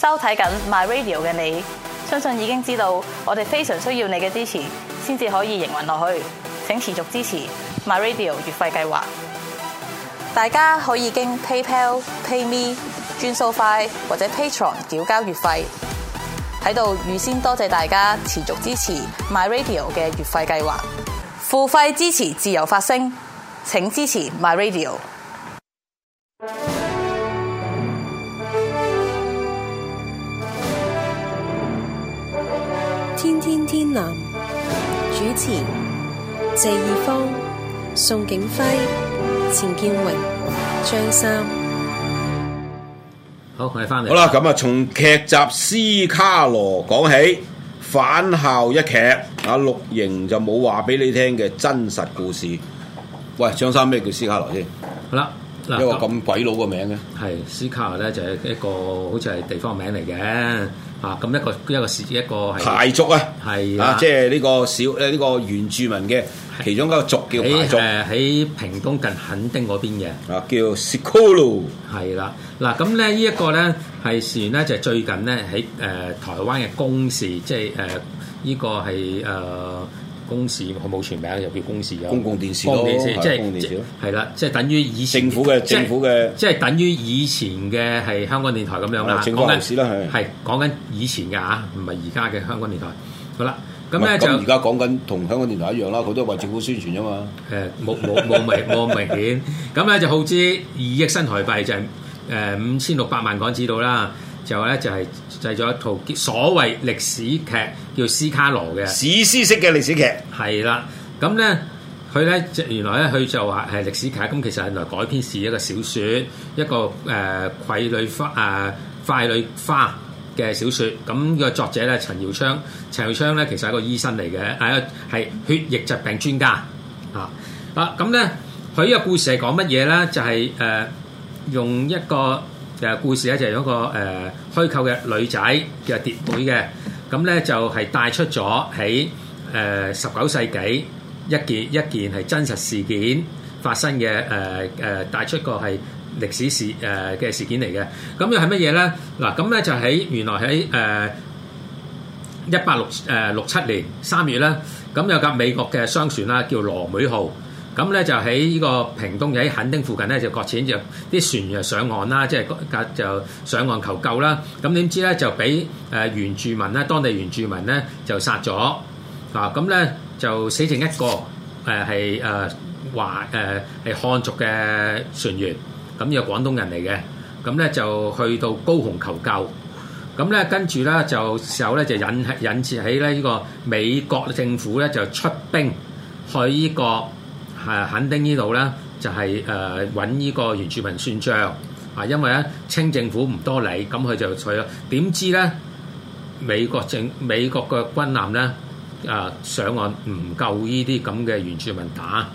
收睇緊 My Radio 嘅你，相信已經知道我哋非常需要你嘅支持，先至可以營運落去，請持續支持 My Radio 月費計劃。大家可以經 PayPal、PayMe、轉數快或者 Patreon 繳交月費。喺度預先多謝大家持續支持 My Radio 嘅月費計劃，付費支持自由發聲，請支持 My Radio。男主持謝義方、宋景輝、陳建榮、張三。好，我哋翻嚟。好啦，咁啊，從劇集《斯卡羅》講起，返校一劇，阿綠營就冇話俾你聽嘅真實故事。喂，張三，咩叫斯卡羅先？好啦，一個咁鬼佬嘅名嘅。係斯卡羅咧，就係一個好似係地方名嚟嘅。啊，咁一個一個係一個係排族啊，係啊，即係呢個小誒呢、這個原住民嘅其中一個族叫排族喺屏、啊、東近墾丁嗰邊嘅、啊啊，啊叫斯卡羅，係啦，嗱咁咧呢一、這個咧係事緣咧就係、是、最近咧喺誒台灣嘅公視，即係誒呢個係誒。呃公視佢冇全名，又叫公視咯，公共電視公共電視係啦，就是，即係等於以政府嘅政府嘅，即係等於以前嘅係，就是就是、香港電台咁樣啦。講緊啦，係係講緊以前嘅嚇，唔係而家嘅香港電台。好啦，咁咧不就而家講緊同香港電台一樣啦，佢都為政府宣傳啫嘛。誒，冇冇冇明冇 明顯。咁咧就耗資二億新台幣，就係誒五千六百萬港紙到啦。就咧就係製作一套所謂歷史劇，叫《斯卡羅》嘅史詩式嘅歷史劇。係啦，咁咧佢咧原來咧佢就話係歷史劇，咁其實原來改編自一個小説，一個誒傀儡花誒傀儡花嘅小説。咁個作者咧陳耀昌，陳耀昌咧其實係一個醫生嚟嘅，係係血液疾病專家啊。啊，咁咧佢呢個故事係講乜嘢咧？就係誒用一個。就係故事咧，就係嗰個誒虛構嘅女仔叫蝶妹嘅，咁咧就係帶出咗喺誒十九世紀一件一件係真實事件發生嘅誒誒帶出個係歷史事誒嘅事件嚟嘅。咁又係乜嘢咧？嗱，咁咧就喺原來喺誒一八六誒六七年三月咧，咁有架美國嘅商船啦，叫羅妹號。咁咧就喺依個屏東喺墾丁附近咧就擱淺，就啲船員上岸啦，即係隔就上岸求救啦。咁點知咧就俾誒原住民咧，當地原住民咧就殺咗嗱。咁咧就死剩一個誒係誒華誒係漢族嘅船員，咁呢個廣東人嚟嘅。咁咧就去到高雄求救。咁咧跟住咧就時候咧就引起引致喺咧依個美國政府咧就出兵去依個。係墾丁呢度咧，就係誒揾呢個原住民算賬，啊，因為咧清政府唔多理，咁佢就去啦。點知咧，美國政美國嘅軍艦咧啊，上岸唔夠呢啲咁嘅原住民打。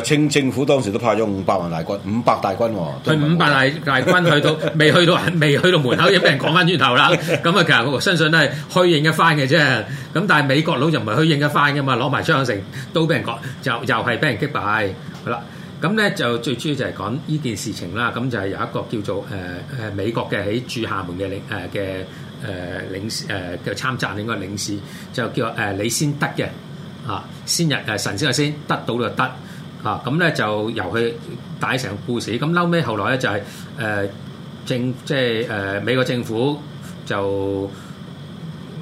清政府當時都派咗五百萬大軍，五百大軍喎、哦，去五百大大軍去到， 未去到，未去到門口，已經俾人講翻轉頭啦。咁啊，其實我相信都係虛應一番嘅啫。咁但係美國佬就唔係虛應一番嘅嘛，攞埋槍城都俾人講，又又係俾人擊敗。好啦，咁咧就最主要就係講呢件事情啦。咁就係有一個叫做誒誒、呃、美國嘅喺駐廈門嘅領誒嘅誒領誒嘅、呃、參贊，應該領事就叫誒李、呃、先得嘅啊，先日誒神仙先得，得到就得。啊，咁咧就由佢帶成故事，咁後尾後來咧就係、是、誒、呃、政即係誒美國政府就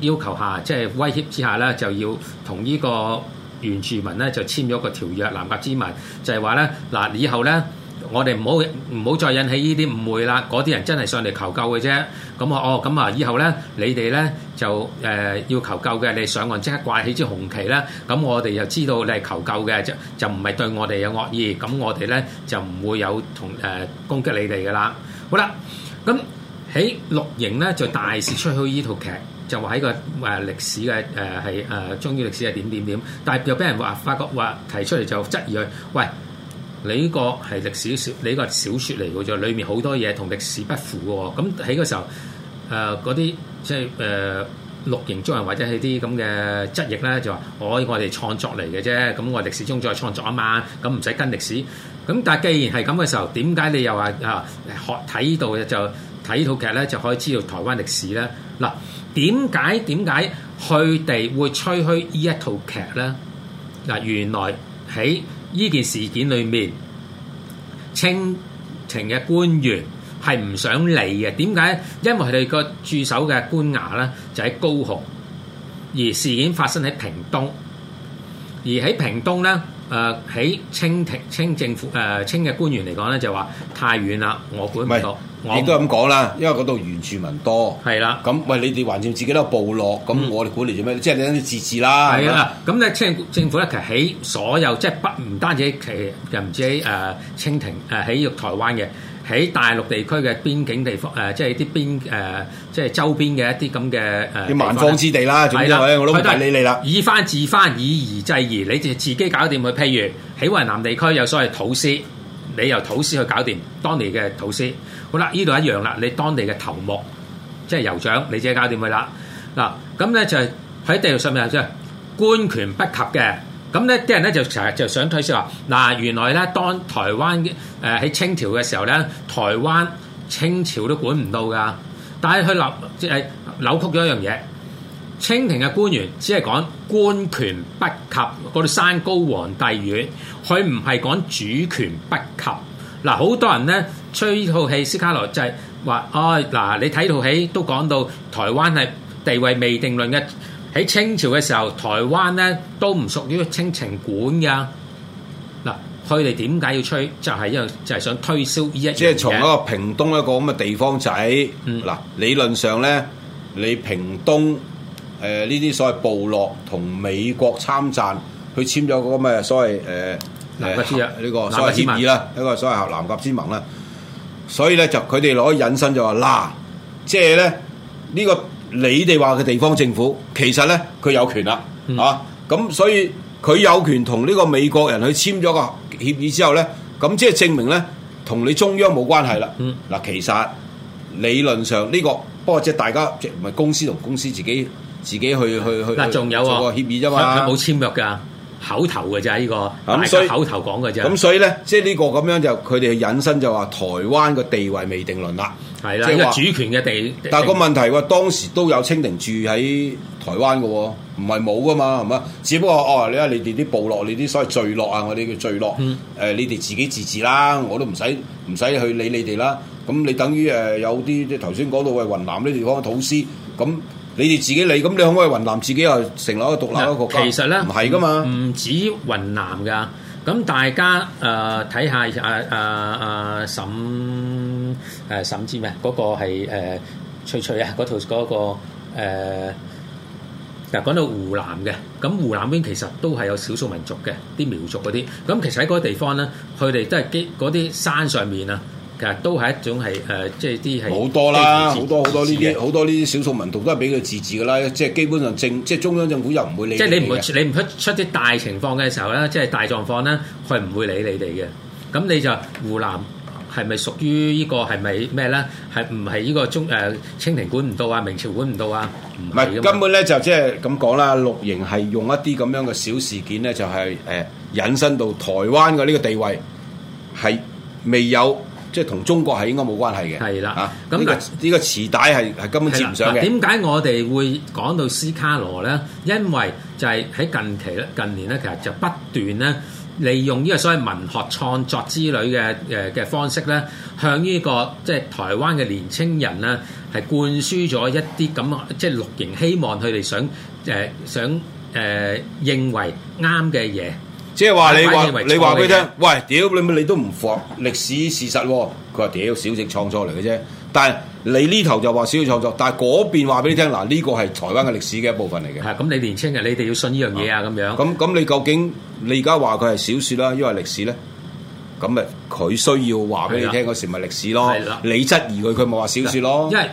要求下，即、就、係、是、威脅之下咧，就要同呢個原住民咧就簽咗個條約《南岬之盟》，就係話咧嗱，以後咧。我哋唔好唔好再引起依啲誤會啦！嗰啲人真係上嚟求救嘅啫。咁啊哦，咁啊以後咧，你哋咧就誒要求救嘅，你上岸即刻掛起支紅旗啦。咁我哋又知道你係求救嘅，就就唔係對我哋有惡意。咁我哋咧就唔會有同誒攻擊你哋噶啦。好啦，咁喺綠營咧就大肆推出依套劇，就話喺個誒歷史嘅誒係誒中意歷史係點點點，但係又俾人話發覺話提出嚟就質疑佢，喂！你呢個係歷史，這個、小說，你呢個小説嚟嘅啫，裏面好多嘢同歷史不符喎。咁喺嗰時候，誒嗰啲即係誒綠營中人或者係啲咁嘅質疑咧，就話、哦：我創我哋創作嚟嘅啫，咁我歷史中再創作啊嘛，咁唔使跟歷史。咁但係既然係咁嘅時候，點解你又話嚇學睇呢度就睇套劇咧，就可以知道台灣歷史咧？嗱，點解點解佢哋會吹噓呢一套劇咧？嗱，原來喺呢件事件裏面，清廷嘅官員係唔想嚟嘅。點解？因為佢哋個駐守嘅官衙咧就喺高雄，而事件發生喺屏東，而喺屏東咧，誒、呃、喺清廷清政府誒、呃、清嘅官員嚟講咧就話太遠啦，我管唔到。亦都咁講啦，因為嗰度原住民多，係啦的。咁喂，你哋還住自己都個部落，咁、嗯、我哋管理做咩？即係啲自,自治啦。係啦。咁咧，清政府咧其實喺所有即係不唔單止其又唔止喺誒清廷誒喺玉台灣嘅，喺大陸地區嘅邊境地方誒、呃，即係啲邊誒、呃，即係周邊嘅一啲咁嘅誒。啲蠻荒之地啦，總之咧，的我都唔係理你啦。以番治番，以夷制夷，你就自己搞掂佢。譬如喺雲南地區有所謂土司，你由土司去搞掂當年嘅土司。好啦，呢度一樣啦，你當地嘅頭目即係酋長，你自己搞掂佢啦。嗱，咁咧就係喺地圖上面就係、係、官權不及嘅。咁咧啲人咧就成日就想推銷話，嗱，原來咧當台灣誒喺、呃、清朝嘅時候咧，台灣清朝都管唔到噶。但係佢立即係扭曲咗一樣嘢，清廷嘅官員只係講官權不及嗰啲山高皇帝遠，佢唔係講主權不及。嗱，好多人咧吹呢套戲，斯卡羅就係話，哦，嗱，你睇套戲都講到台灣係地位未定論嘅。喺清朝嘅時候，台灣咧都唔屬於清廷管噶。嗱，佢哋點解要吹？就係因為就係想推銷呢一樣。即係從一個屏東一個咁嘅地方仔，嗱，理論上咧，你屏東誒呢啲所謂部落同美國參贊，佢簽咗個咩所謂誒，南呢個所謂協議啦，呢、這個所謂，所謂南極之盟啦，盟所以咧就佢哋攞引申就話嗱、啊，即係咧呢、這個你哋話嘅地方政府，其實咧佢有權啦，嗯、啊咁所以佢有權同呢個美國人去簽咗個協議之後咧，咁即係證明咧同你中央冇關係啦。嗱、嗯，其實理論上呢、這個，不過即係大家即係唔係公司同公司自己自己去去去，仲有啊，個協議啫嘛，冇簽約噶。口頭嘅啫，呢個咁所以，口頭講嘅啫。咁所以咧，即係呢個咁樣就佢哋引申就話，台灣嘅地位未定論啦。係啦，即係主權嘅地位。但係個問題喎，當時都有清廷住喺台灣嘅，唔係冇噶嘛，係嘛？只不過哦，你睇你哋啲部落，你啲所謂聚落啊，我哋叫聚落。嗯。呃、你哋自己自治啦，我都唔使唔使去理你哋啦。咁你等於誒有啲即係頭先講到喂雲南呢地方嘅土司咁。你哋自己嚟，咁你可唔可以雲南自己又成立一個獨立一個國家？其實咧，唔係噶嘛，唔止雲南噶。咁大家誒睇下阿阿阿沈誒沈之咩嗰個係翠翠啊嗰套嗰個嗱、呃，講到湖南嘅，咁湖南邊其實都係有少數民族嘅，啲苗族嗰啲。咁其實喺嗰啲地方咧，佢哋都係基嗰啲山上面啊。其實都係一種係誒、呃，即係啲係好多啦，好多好多呢啲，好多呢啲少數民族都係俾佢自治噶啦，即係基本上政，即係中央政府又唔會理。即係你唔會，你唔出你出啲大情況嘅時候咧，即係大狀況咧，佢唔會理你哋嘅。咁你就湖南係咪屬於、呢個、係係呢個係咪咩咧？係唔係呢個中誒、呃、清廷管唔到啊？明朝管唔到啊？唔係根本咧，就即係咁講啦。綠營係用一啲咁樣嘅小事件咧，就係、係、誒、呃、引申到台灣嘅呢個地位係未有。即係同中國係應該冇關係嘅。係啦的，嚇咁嗱呢個磁帶係係根本接唔上嘅。點解我哋會講到斯卡羅咧？因為就係喺近期咧、近年咧，其實就不斷咧利用呢個所謂文學創作之類嘅誒嘅方式咧，向呢、這個即係、就是、台灣嘅年青人咧，係灌輸咗一啲咁即係綠營希望佢哋想誒、呃、想誒、呃、認為啱嘅嘢。即係話你話你話俾佢聽，喂，屌你乜說你，你都唔服歷史事實喎？佢話屌小説創作嚟嘅啫，但係你呢頭就話小説創作，但係嗰邊話俾你聽嗱，呢個係台灣嘅歷史嘅一部分嚟嘅。係咁、嗯，你年青人，你哋要信呢樣嘢啊？咁樣咁咁，你究竟你而家話佢係小説啦，抑或歷史咧？咁咪佢需要話俾你聽嗰時咪歷史咯，你質疑佢，佢冇話小説咯。因為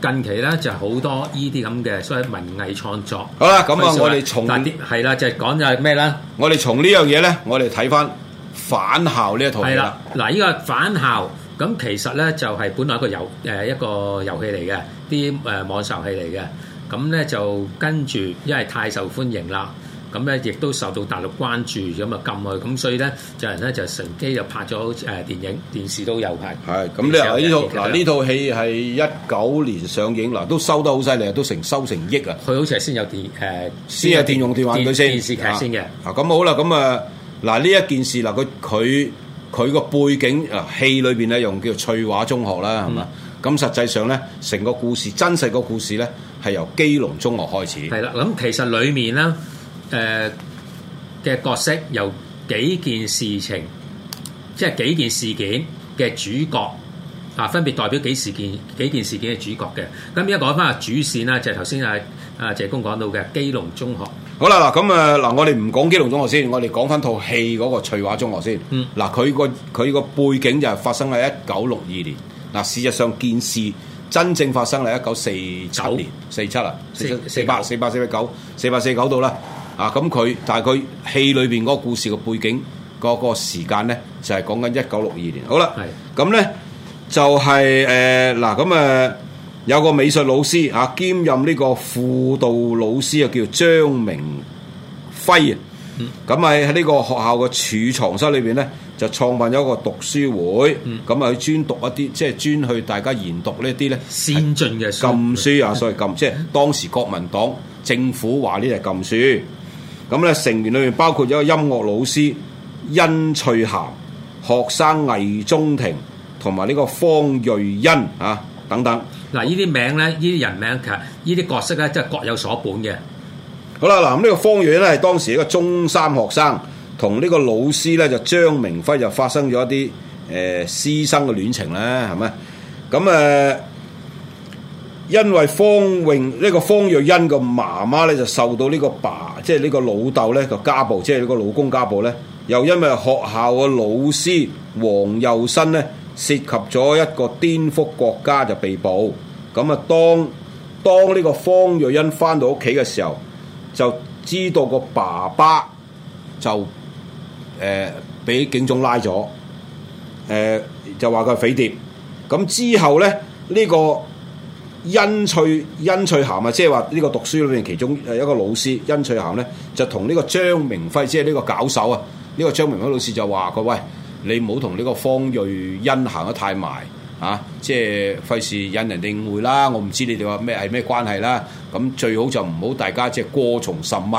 近期咧就係好多依啲咁嘅所謂文藝創作。好啦，咁啊我哋從係啦，就係講就係咩咧？我哋從呢樣嘢咧，我哋睇翻返校呢一套戲啦。嗱，依個返校咁其實咧就係本來一個遊誒一個遊戲嚟嘅，啲誒網上遊戲嚟嘅。咁咧就跟住因為太受歡迎啦。咁咧，亦都受到大陸關注，咁啊禁佢，咁所以咧，就人咧就乘機就拍咗誒電影、電視都有拍。係，咁你呢套嗱呢、啊、套戲係一九年上映，嗱、啊、都收得好犀利，都成收成億啊！佢好似係先有電誒，啊、先有電用電話佢先，電視劇先嘅。嗱、啊，咁好啦，咁啊嗱呢、啊、一件事嗱，佢佢佢個背景啊，戲裏邊咧用叫做翠華中學啦，係嘛？咁、嗯啊嗯、實際上咧，成個故事真實個故事咧係由基隆中學開始。係啦、嗯，咁、嗯嗯嗯嗯嗯、其實裡面咧。嗯誒嘅角色由幾件事情，即係幾件事件嘅主角啊，分別代表幾事件幾件事件嘅主角嘅。咁依家講翻下主線啦，就係頭先啊啊謝公講到嘅基隆中學。好啦，嗱咁誒嗱，我哋唔講基隆中學先，我哋講翻套戲嗰個翠華中學先。嗯，嗱佢個佢個背景就係發生喺一九六二年。嗱，事實上件事真正發生喺一九四九年，四七啊，四四八，四八四八九，四八四九度啦。啊，咁佢但係佢戲裏邊嗰個故事嘅背景，嗰、那個時間咧就係、是、講緊一九六二年。好啦，咁咧是的 就係誒嗱，咁、呃、誒、啊啊嗯啊、有個美術老師啊，兼任呢個輔導老師啊，叫張明輝、嗯、啊。咁咪喺呢個學校嘅儲藏室裏邊咧，就創辦咗一個讀書會。咁、嗯、啊，佢、嗯、專讀一啲即係專去大家研讀呢啲咧先進嘅禁書啊，所謂禁，即係當時國民黨政府話呢係禁書。咁咧，成員裏面包括咗個音樂老師殷翠涵、學生魏仲廷同埋呢個方芮欣啊等等。嗱，呢啲名咧，呢啲人名其實呢啲角色咧，即係各有所本嘅。好啦，嗱咁呢個方芮咧，係當時一個中三學生，同呢個老師咧就張明暉就發生咗一啲誒師生嘅戀情啦，係咪？咁誒。呃因為方榮呢、這個方芮欣個媽媽咧就受到呢個爸，即係呢個老豆咧個家暴，即係呢個老公家暴咧，又因為學校嘅老師黃幼新咧涉及咗一個顛覆國家就被捕。咁啊，當當呢個方芮欣返到屋企嘅時候，就知道個爸爸就誒俾、呃、警總拉咗，誒、呃、就話佢係匪諜。咁之後咧呢、這個。殷翠殷翠涵啊，即係話呢個讀書裏面其中誒一個老師殷翠涵咧，就同呢個張明輝，即係呢個搞手啊，呢、這個張明輝老師就話佢喂，你唔好同呢個方芮欣行得太埋啊，即係費事引人誤會啦。我唔知你哋話咩係咩關係啦，咁最好就唔好大家即係過從甚密，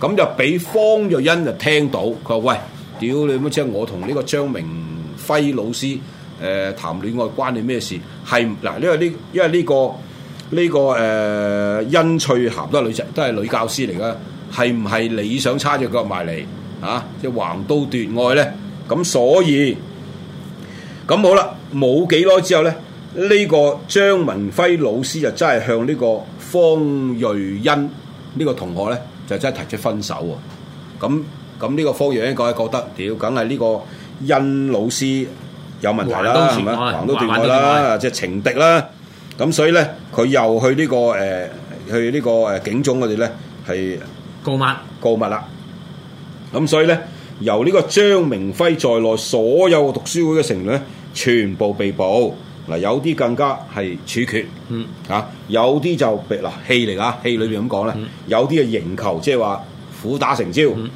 咁就俾方芮欣就聽到佢話喂，屌你乜即係我同呢個張明輝老師。誒、呃、談戀愛關你咩事？係嗱，因為呢、這個，因為呢、這個呢個誒殷翠涵都係女仔，都係女教師嚟噶，係唔係你想叉隻腳埋嚟啊？即橫刀奪愛咧？咁所以咁好啦，冇幾耐之後咧，呢、這個張文輝老師就真係向呢個方芮欣呢個同學咧，就真係提出分手喎。咁咁呢個方芮欣個係覺得屌，梗係呢個殷老師。有問題啦，橫刀奪愛啦，即係情敵啦，咁所以咧，佢又去呢、這個誒、呃，去個呢個誒警總嗰啲咧，係告，告密，告密啦。咁所以咧，由呢個張明輝在內，所有讀書會嘅成員咧，全部被捕。嗱，有啲更加係處決，嗯，吓、啊，有啲就嗱戲嚟啊，戲裏邊咁講咧，嗯、有啲係刑求，即係話苦打成招。嗯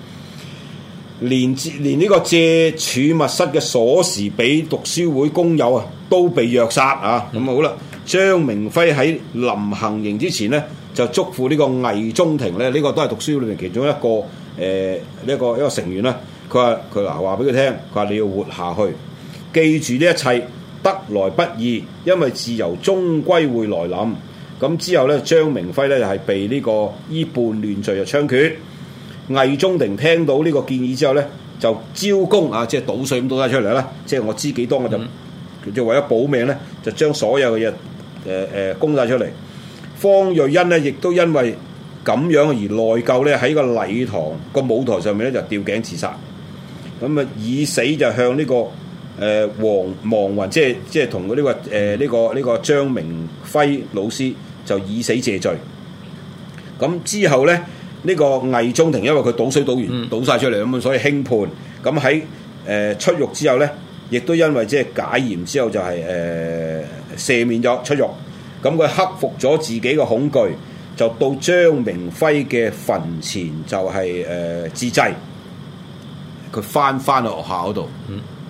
連借連呢個借儲物室嘅鎖匙俾讀書會工友啊，都被虐殺、嗯、啊！咁好啦，張明輝喺臨行刑之前咧，就囑咐呢個魏中庭咧，呢個都係讀書會裏面其中一個誒呢一個一個成員啦。佢話佢話話俾佢聽，佢話你要活下去，記住呢一切得來不易，因為自由終歸會來臨。咁之後咧，張明輝咧就係被呢個依叛亂罪就槍決。魏宗廷聽到呢個建議之後咧，就招供啊，即係倒水咁倒晒出嚟啦。即係我知幾多我、嗯、就，就為咗保命咧，就將所有嘅嘢誒誒供晒出嚟。方芮欣咧，亦都因為咁樣而內疚咧，喺個禮堂個舞台上面咧就吊頸自殺。咁、嗯、啊以死就向呢、這個誒、呃、王王云，即係即係同佢呢個誒呢、呃這個呢、這個張、這個這個、明輝老師就以死謝罪。咁、嗯、之後咧。呢個魏中庭因為佢倒水倒完，倒晒、嗯、出嚟咁嘛，所以輕判。咁喺誒出獄之後咧，亦都因為即係解嚴之後、就是，就係誒赦免咗出獄。咁佢克服咗自己嘅恐懼，就到張明輝嘅墳前就係誒致祭。佢、呃、翻翻去學校嗰度，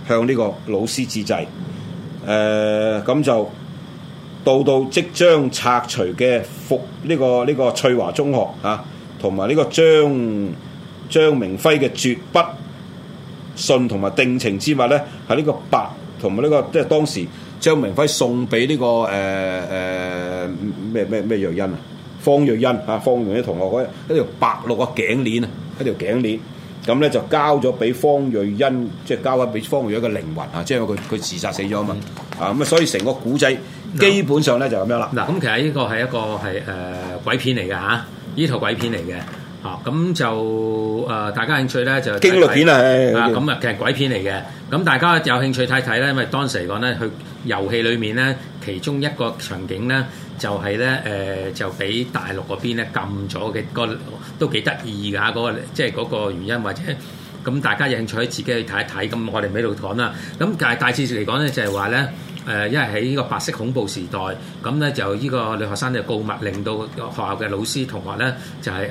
向呢個老師致祭。誒、呃、咁就到到即將拆除嘅服呢個呢、這個這個翠華中學啊！同埋呢個張張明暉嘅絕筆信同埋定情之物咧，喺呢個白同埋呢個，即係當時張明暉送俾呢、這個誒誒咩咩咩芮欣啊，方芮欣啊，方芮欣同學嗰一條白鹿嘅頸鏈啊，一條頸鏈，咁咧就交咗俾方芮欣，即係交咗俾方芮欣嘅靈魂啊，即係佢佢自殺死咗、嗯、啊嘛，啊咁啊所以成個古仔基本上咧、嗯、就咁樣啦。嗱、嗯，咁其實呢個係一個係誒、呃、鬼片嚟嘅嚇。啊呢套鬼片嚟嘅，嚇、哦、咁就誒，大家興趣咧就驚悚片啊，咁啊，其實鬼片嚟嘅，咁大家有興趣睇睇咧，因為當時嚟講咧，佢遊戲裏面咧，其中一個場景咧，就係咧誒，就俾大陸嗰邊咧禁咗嘅，都啊嗰個都幾得意㗎，嗰個即係嗰個原因或者咁，大家有興趣自己去睇一睇。咁我哋喺度講啦，咁大大致嚟講咧就係話咧。誒，因為喺呢個白色恐怖時代，咁咧就呢個女學生嘅告密，令到學校嘅老師同學咧就係誒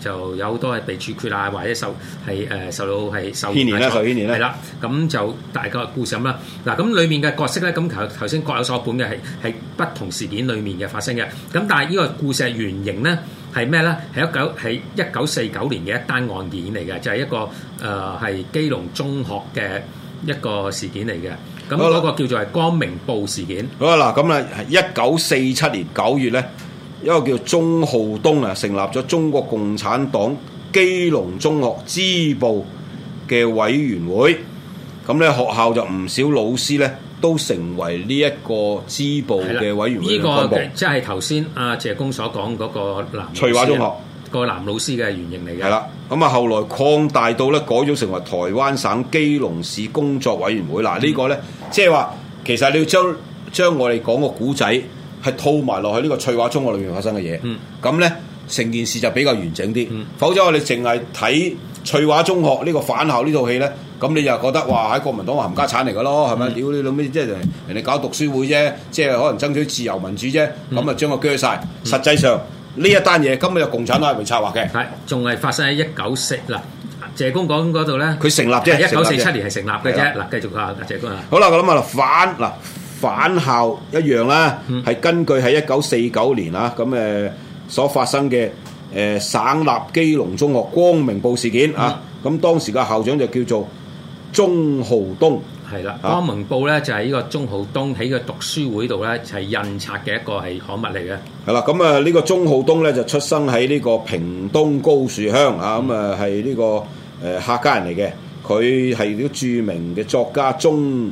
就有好多係被處決啊，或者受係誒受到係受牽連啦，受牽連啦。係啦，咁就大概故事咁啦。嗱，咁裏面嘅角色咧，咁頭頭先各有所本嘅，係係不同事件裏面嘅發生嘅。咁但係呢個故事嘅原型咧係咩咧？係一九係一九四九年嘅一單案件嚟嘅，就係一個誒係基隆中學嘅一個事件嚟嘅。咁嗰個叫做係光明報事件。好啊，嗱，咁啊，一九四七年九月咧，一個叫鍾浩東啊，成立咗中國共產黨基隆中學支部嘅委員會。咁咧，學校就唔少老師咧，都成為呢一個支部嘅委員會嘅幹部。呢個即係頭先阿謝公所講嗰個翠華中學，個男老師嘅原型嚟嘅。係啦，咁啊，後來擴大到咧，改咗成為台灣省基隆市工作委員會。嗱、嗯，呢個咧。即係話，其實你要將將我哋講個古仔係套埋落去呢個翠華中學裏面發生嘅嘢，咁咧成件事就比較完整啲。嗯、否則我哋淨係睇翠華中學呢個反校呢套戲咧，咁你就覺得哇喺國民黨冚家鏟嚟噶咯，係咪？屌你老味，即係人哋搞讀書會啫，即係可能爭取自由民主啫，咁啊將佢鋸晒。嗯、實際上呢、嗯嗯、一單嘢今日就共產黨係策劃嘅，係仲係發生喺一九四嗱。謝公講嗰度咧，佢成立啫，一九四七年係成立嘅啫。嗱，繼續啊，謝公啊。好啦，我諗啊，反嗱反校一樣啦，係根據喺一九四九年啊，咁誒所發生嘅誒省立基隆中學光明報事件啊，咁當時嘅校長就叫做鍾浩東。係啦，光明報咧就係呢個鍾浩東喺個讀書會度咧就係印刷嘅一個係刊物嚟嘅。係啦，咁啊呢個鍾浩東咧就出生喺呢個屏東高樹鄉啊，咁啊係呢個。呃、客家人嚟嘅，佢係啲著名嘅作家鍾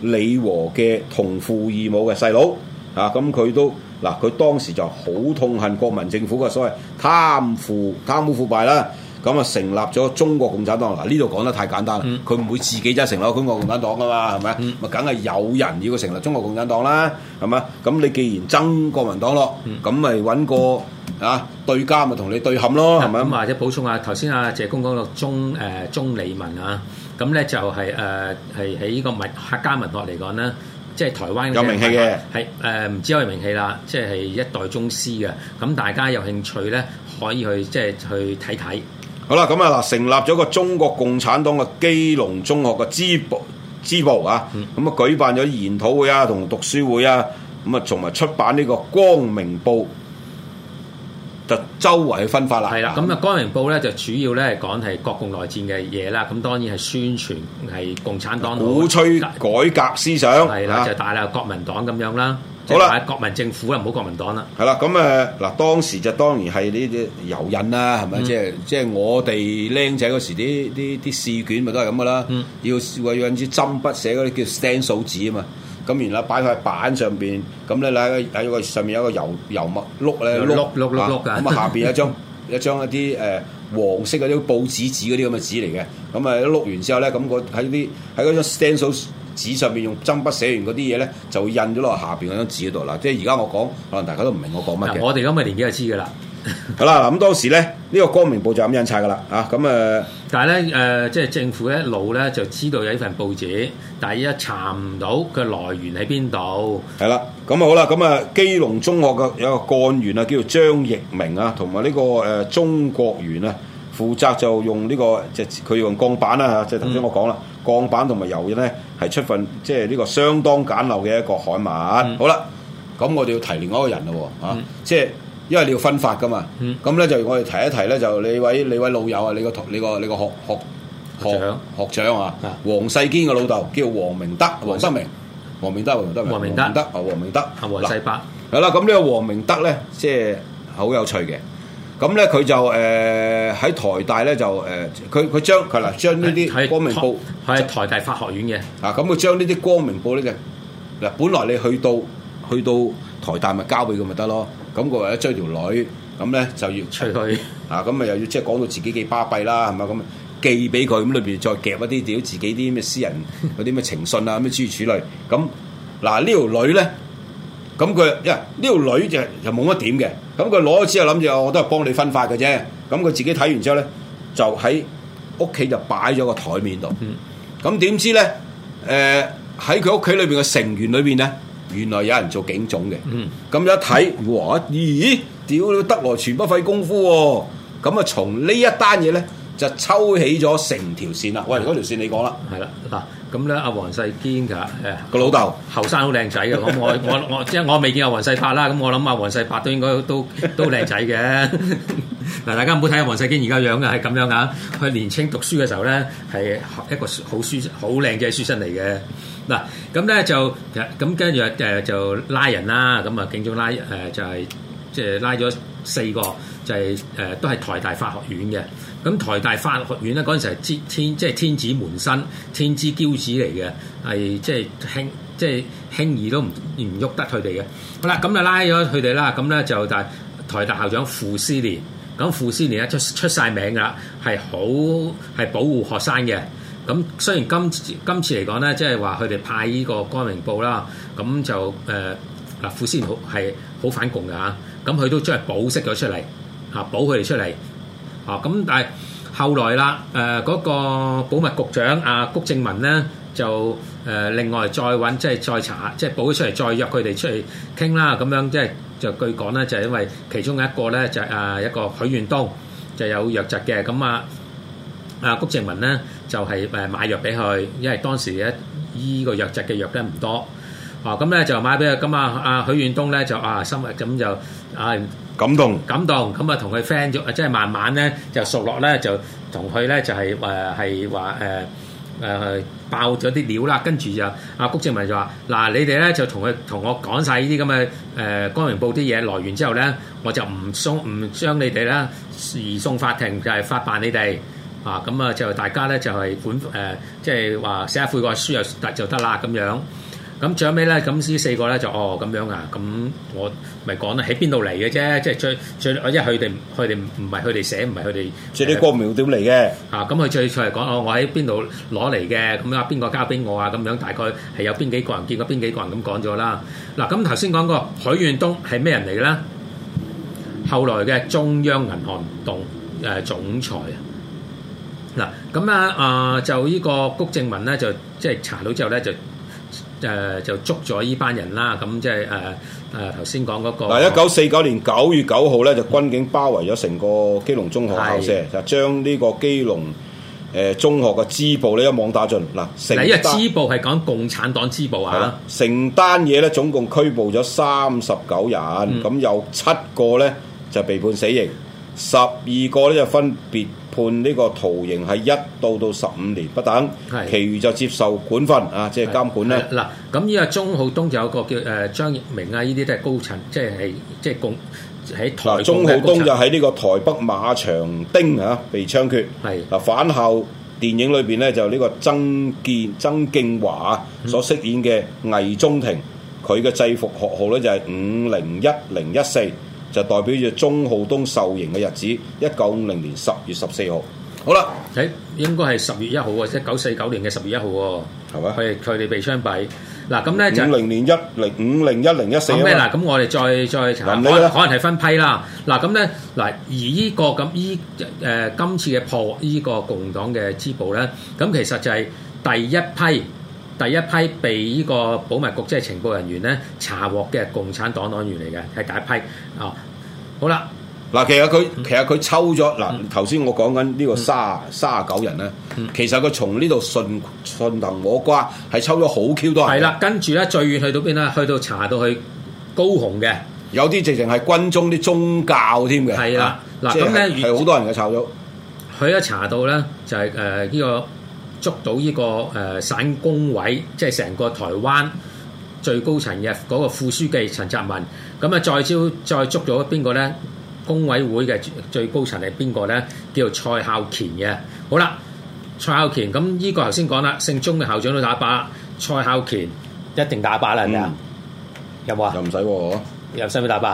理和嘅同父異母嘅細佬啊！咁、嗯、佢都嗱，佢、啊、當時就好痛恨國民政府嘅所謂貪腐、貪污、腐敗啦。咁啊，成立咗中國共產黨嗱，呢度講得太簡單啦。佢唔、嗯、會自己就成，、嗯、成立中國共產黨噶嘛，係咪？咪梗係有人要佢成立中國共產黨啦，係咪？咁你既然憎國民黨咯，咁咪揾個啊對家咪同你對冚咯，係咪？咁或者補充下頭先阿謝公講到中誒鐘理文啊，咁、嗯、咧就係誒係喺呢個民客家文學嚟講咧，即係台灣、就是、有名氣嘅係誒唔知有冇名氣啦，即係一代宗師嘅。咁大家有興趣咧，可以去即係去睇睇。好啦，咁啊嗱，成立咗個中國共產黨嘅基隆中學嘅支部支部啊，咁啊舉辦咗研討會啊，同讀書會啊，咁啊，同埋出版呢個光《光明報》，就周圍去分發啦。係啦，咁啊《光明報》咧就主要咧係講係國共內戰嘅嘢啦，咁當然係宣傳係共產黨鼓吹改革思想，係啦，就大鬧國民黨咁樣啦。好啦，係國民政府啊，唔好國民黨啦。係啦，咁誒嗱，當時就當然係呢啲油印啦，係咪？嗯、即係即係我哋僆仔嗰時啲啲啲試卷咪都係咁噶啦。要為用支針筆寫嗰啲叫 stencil 數紙啊嘛。咁然後擺塊板上邊，咁咧嗱喺喺上面有個油油墨碌咧碌碌碌碌嘅。咁啊下邊有一張 一張一啲誒黃色嗰啲報紙紙嗰啲咁嘅紙嚟嘅。咁啊一碌完之後咧，咁個喺啲喺嗰張 stencil 數。紙上面用針筆寫完嗰啲嘢咧，就印咗落下邊嗰張紙嗰度啦。即係而家我講，可能大家都唔明我講乜嘢。我哋咁嘅年紀就知噶啦。 好啦，咁當時咧，呢、呢個光明報就咁印晒噶啦。啊，咁、嗯、誒，但係咧誒，即係政府一路咧就知道有呢份報紙，但係依家查唔到佢來源喺邊度。係啦、嗯，咁啊好啦，咁、嗯、啊基隆中學嘅有個幹員啊，叫做張亦明啊，同埋呢個誒中、呃、國瑜啊。負責就用呢、這個，即係佢用鋼板啦，即係頭先我講啦，嗯、鋼板同埋油印係出份，即係呢個相當簡陋嘅一個海馬。嗯、好啦，咁我哋要提另外一個人咯、啊，嚇、嗯，即係因為你要分發噶嘛。咁咧就我哋提一提咧，就你位你位老友啊，你個同你個你個學你個學學,學長學長啊，黃、啊、世堅嘅老豆叫黃明德，黃德明，黃明德，黃德明，黃明德，啊黃明德，啊黃世伯。好啦，咁呢個黃明德咧，即係好有趣嘅。Draws, 對對咁咧佢就誒喺、呃、台大咧就誒佢佢將係啦，將呢啲光明報係台大法學院嘅啊，咁佢將呢啲光明報呢嘅嗱，本來你去到去到台大咪交俾佢咪得咯，咁佢為咗追條女，咁咧就要出去他啊，咁咪又要即係講到自己幾巴閉啦，係咪咁寄俾佢，咁裏邊再夾一啲屌自己啲咩私人嗰啲咩情信啊咩諸如此類，咁嗱、啊這個、呢條女咧。咁佢，因為呢條女就就冇乜點嘅，咁佢攞咗之後諗住，我都係幫你分發嘅啫。咁佢自己睇完之後咧，就喺屋企就擺咗個枱面度。咁點知咧？誒喺佢屋企裏邊嘅成員裏邊咧，原來有人做警總嘅。咁、嗯、一睇，哇！咦，屌你得來全不費功夫喎、哦！咁啊，從呢一單嘢咧。就抽起咗成條線啦！喂，嗰、嗯、條線你講啦，係啦嗱，咁咧阿王世堅㗎，係啊個老豆爸，後生好靚仔嘅。咁我我我，因為 我，我，我，我未見阿王世柏啦，咁我諗阿王世柏都應該都都靚仔嘅。嗱， 大家唔好睇阿王世堅而家樣嘅，係咁樣啊，佢年青讀書嘅時候咧係一個好書好靚嘅書生嚟嘅。嗱，咁咧就咁跟住誒就拉人啦，咁啊警總拉誒就係即係拉咗四個，就係、是、誒都係台大法學院嘅。咁台大法學院咧嗰陣時係天即係天子門生，天之驕子嚟嘅，係即係輕即係輕易都唔唔喐得佢哋嘅。好啦，咁就拉咗佢哋啦，咁咧就但台大校長傅斯年，咁傅斯年咧出出曬名噶啦，係好係保護學生嘅。咁雖然今今次嚟講咧，即係話佢哋派呢個光明報啦，咁就誒嗱、呃、傅斯年好係好反共嘅嚇，咁佢都將保釋咗出嚟嚇，保佢哋出嚟。哦，咁但係後來啦，誒嗰個保密局長啊谷正文咧就誒另外再揾，即係再查，即係保咗出嚟，再約佢哋出嚟傾啦。咁樣即係就據講咧，就係因為其中一個咧就係啊一個許遠東就有藥疾嘅，咁啊啊谷正文咧就係誒買藥俾佢，因為當時咧醫個藥疾嘅藥咧唔多，哦咁咧就買俾佢，咁啊啊許遠東咧就啊心疾咁就啊。感動，感動，咁啊同佢 friend 咗，即係慢慢咧就熟落咧，就同佢咧就係誒係話誒誒爆咗啲料啦，跟住就阿谷正文就話：嗱，你哋咧就同佢同我講晒呢啲咁嘅誒《光明報》啲嘢來源之後咧，我就唔送唔將你哋咧，移送法庭就係、是、法辦你哋啊！咁啊就大家咧就係管誒，即係話寫下悔過書就得就得啦咁樣。咁最尾咧，咁呢四個咧就哦咁樣啊，咁我咪講喺邊度嚟嘅啫，即係最最，即係佢哋佢哋唔係佢哋寫，唔係佢哋即係啲歌苗點嚟嘅啊！咁佢最初係講，我我喺邊度攞嚟嘅？咁啊，邊個交俾我啊？咁樣大概係有邊幾個人見過？邊幾個人咁講咗啦？嗱，咁頭先講過許遠東係咩人嚟嘅咧？後來嘅中央銀行總誒總裁啊！嗱，咁啊啊，就呢個谷正文咧，就即係查到之後咧就。誒、呃、就捉咗依班人啦，咁即係誒誒頭先講嗰個。嗱，一九四九年九月九號咧，就軍警包圍咗成個基隆中學校舍，就將呢個基隆誒、呃、中學嘅支部咧一網打盡。嗱、啊，成單支部係講共產黨支部嚇、啊。成單嘢咧，總共拘捕咗三十九人，咁、嗯、有七個咧就被判死刑，十二個咧就分別，判呢個徒刑係一到到十五年不等，係，其餘就接受管訓啊，即係監管咧。嗱，咁依個鍾浩東就有個叫誒張毅明啊，依啲都係高層，即係係即係共喺台中。鍾浩東就喺呢個台北馬場町嚇被槍決。係嗱，返校電影裏邊咧就呢個曾健曾敬驊所飾演嘅魏仲廷，佢嘅制服學號咧就係五零一零一四。就代表住鐘浩東受刑嘅日子，一九五零年十月十四號。好啦，喺應該係十月一號啊，即係九四九年嘅十月一號喎，係嘛？係佢哋被槍斃。嗱咁咧就五零年一零五零一零一四。咩？嗱咁我哋再再查，可可能係分批啦。嗱咁咧嗱，而呢個咁依誒今次嘅破呢個共黨嘅支部咧，咁其實就係第一批。第一批被呢個保密局即係、就是、情報人員咧查獲嘅共產黨黨員嚟嘅，係第一批啊、哦。好啦，嗱，其實佢、嗯、其實佢抽咗嗱，頭先、嗯、我講緊呢個卅卅九人咧，嗯、其實佢從呢度順順藤摸瓜，係抽咗好 Q 多人係啦。跟住咧，最遠去到邊咧？去到查到去高雄嘅，有啲直情係軍中啲宗教添嘅。係啦的，嗱咁咧，係好是、嗯、多人嘅抄咗。佢一查到咧，就係誒呢個。捉到呢個誒省工委，即係成個台灣最高層嘅嗰個副書記陳澤民，咁啊再招再捉咗邊個咧？工委會嘅最高層係邊個咧？叫做蔡孝乾嘅。好啦，蔡孝乾，咁、這、呢個頭先講啦，姓鍾嘅校長都打靶，蔡孝乾一定打靶啦，係咪啊？有冇啊？又唔使喎，又使唔打靶？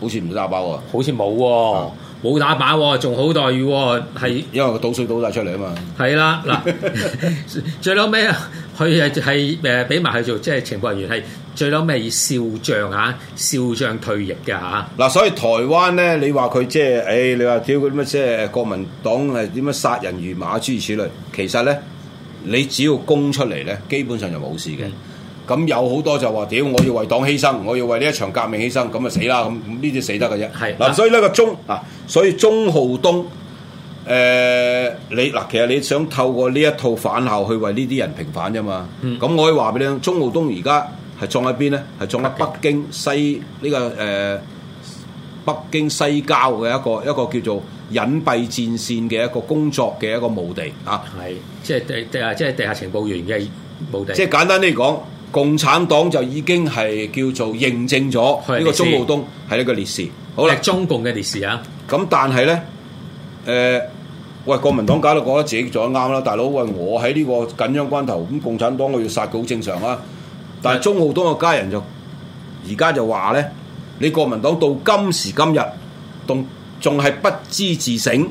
好似唔使打靶喎，好似冇喎。冇打靶、啊，仲好待遇，係。因為佢倒水倒晒出嚟啊嘛。係啦的，嗱， 最尾啊，佢係誒俾埋去做，即、就、係、是、情報人員，係最嬲尾以少將啊，少將退役嘅嚇、啊。嗱、啊，所以台灣咧，你話佢即係，誒、哎，你話屌佢乜即係國民黨係點樣殺人如麻諸如此類，其實咧，你只要供出嚟咧，基本上就冇事嘅。嗯咁有好多就話屌，我要為黨犧牲，我要為呢一場革命犧牲，咁啊死啦咁，呢啲死得嘅啫。嗱的，所以呢個鐘啊，所以鐘、啊、浩東，誒、呃，你嗱、啊，其實你想透過呢一套返校去為呢啲人平反啫嘛。咁、嗯、我可以話俾你聽，鐘浩東而家係葬喺邊咧？係葬喺北京西呢、這個誒、呃，北京西郊嘅一個一個叫做隱蔽戰線嘅一個工作嘅一個墓地啊。係，即係地地下即係地下情報員嘅墓地。即係簡單啲講。共產黨就已經係叫做認證咗呢個鐘浩東係一個烈士。好啦，中共嘅烈士啊。咁但係咧，誒，喂，國民黨搞到覺得自己做得啱啦，大佬喂，我喺呢個緊張關頭，咁共產黨我要殺佢好正常啊。但係鐘浩東嘅家人就而家就話咧，你國民黨到今時今日，仲仲係不知自省，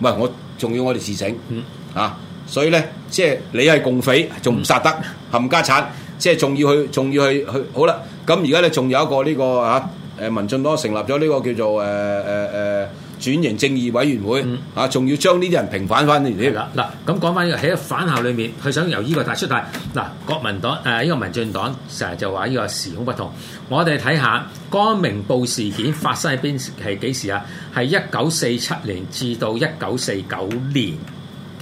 唔係我仲要我哋自省，嗯、啊，嚇。所以咧，即係你係共匪，仲唔殺得？冚、嗯、家鏟，即係仲要去，仲要去去。好啦，咁而家咧，仲有一個呢、這個啊，誒民進黨成立咗呢個叫做誒誒誒轉型正義委員會、嗯、啊，仲要將呢啲人平反翻嚟。嗱、嗯，咁講翻呢、這個喺返校裏面，佢想由呢個大出大嗱，國民黨誒呢、呃這個民進黨成日就話呢個時空不同。我哋睇下《光明報》事件發生喺邊，係幾時啊？係一九四七年至到一九四九年，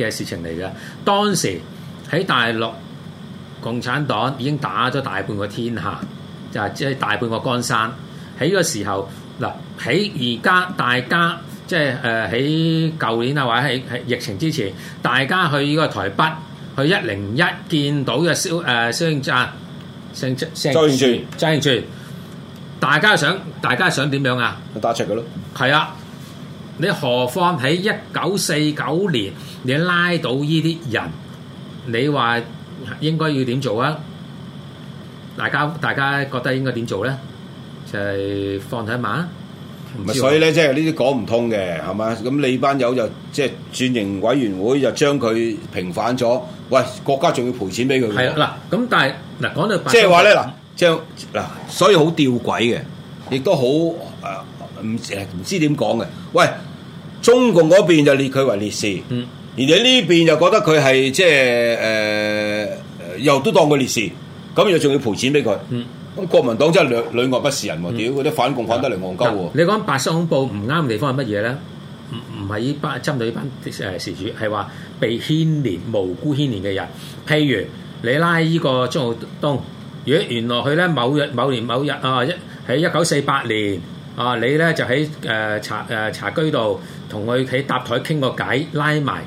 嘅事情嚟嘅，當時喺大陸，共產黨已經打咗大半個天下，就係即係大半個江山。喺個時候，嗱喺而家大家即係誒喺舊年啊，或者喺喺疫情之前，大家去呢個台北去一零一見到嘅蕭誒蕭應贊，蕭應贊。啊、周延全，周延全，全，大家想，大家想點樣啊？打赤佢咯。係啊。你何況喺一九四九年，你拉到呢啲人，你話應該要點做啊？大家大家覺得應該點做咧？就係放低埋。唔係，所以咧，即係呢啲講唔通嘅，係嘛？咁你班友就即係轉型委員會就將佢平反咗。喂，國家仲要賠錢俾佢。係啦，咁但係嗱，講到即係話咧，嗱，即係嗱，所以好吊詭嘅，亦都好誒，唔誒，唔知點講嘅。喂！中共嗰邊就列佢為烈士，嗯、而且呢邊又覺得佢係即係誒，又都當佢烈士，咁又仲要賠錢俾佢。咁、嗯、國民黨真係兩兩外不是人喎！屌嗰啲反共反得嚟戇鳩喎！你講白色恐怖唔啱嘅地方係乜嘢咧？唔唔係呢班針對呢班誒事主，係話被牽連、無辜牽連嘅人。譬如你拉呢個張學東，如果原來佢咧，某日某年某日啊，一喺一九四八年。啊！你咧就喺誒茶誒茶居度同佢喺搭台傾個偈，拉埋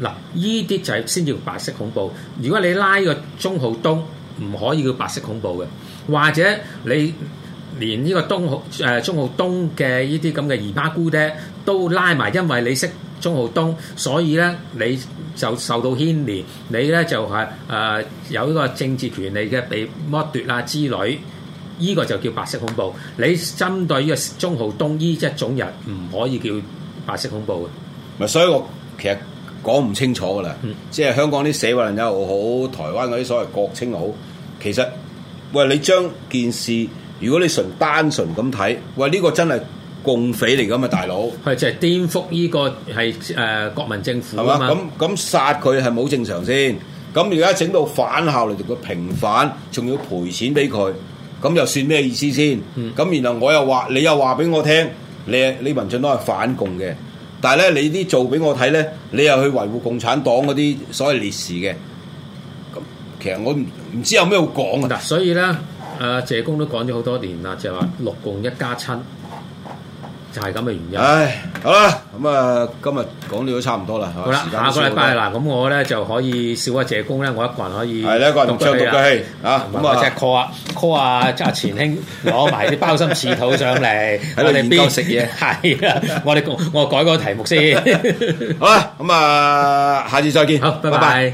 嗱，呢啲就係先至叫白色恐怖。如果你拉呢個鐘浩東，唔可以叫白色恐怖嘅，或者你連呢個鐘浩誒鐘浩東嘅呢啲咁嘅姨媽姑爹都拉埋，因為你識鐘浩東，所以咧你就受到牽連，你咧就係誒有呢個政治權利嘅被剝奪啊之類。依個就叫白色恐怖。你針對依個鍾浩東依一種人，唔可以叫白色恐怖嘅。咪所以，我其實講唔清楚㗎啦。即係香港啲社會人又好，台灣嗰啲所謂國青又好，其實喂，你將件事，如果你純單純咁睇，喂，呢個真係共匪嚟㗎嘛，大佬係即係顛覆依個係誒國民政府啊嘛。咁咁殺佢係冇正常先。咁而家整到返校嚟做個平反，仲要賠錢俾佢。咁又算咩意思先？咁、嗯、然後我又話你又話俾我聽，你民進黨都係反共嘅，但係咧你啲做俾我睇咧，你又去維護共產黨嗰啲所謂烈士嘅，咁其實我唔知有咩好講啊！所以咧，誒、呃、謝公都講咗好多年啦，就話、是、六共一家親。就係咁嘅原因。唉，好啦，咁啊，今日講料都差唔多啦。好啦，下個禮拜嗱，咁我咧就可以笑下謝公咧，我一個人可以係咧，一個人唱獨腳戲啊，埋埋只 call 啊，call 啊，即係前兄攞埋啲包心翅肚上嚟喺我哋邊度食嘢。係啊，我哋我改個題目先。好啦，咁啊，下次再見。好，拜拜。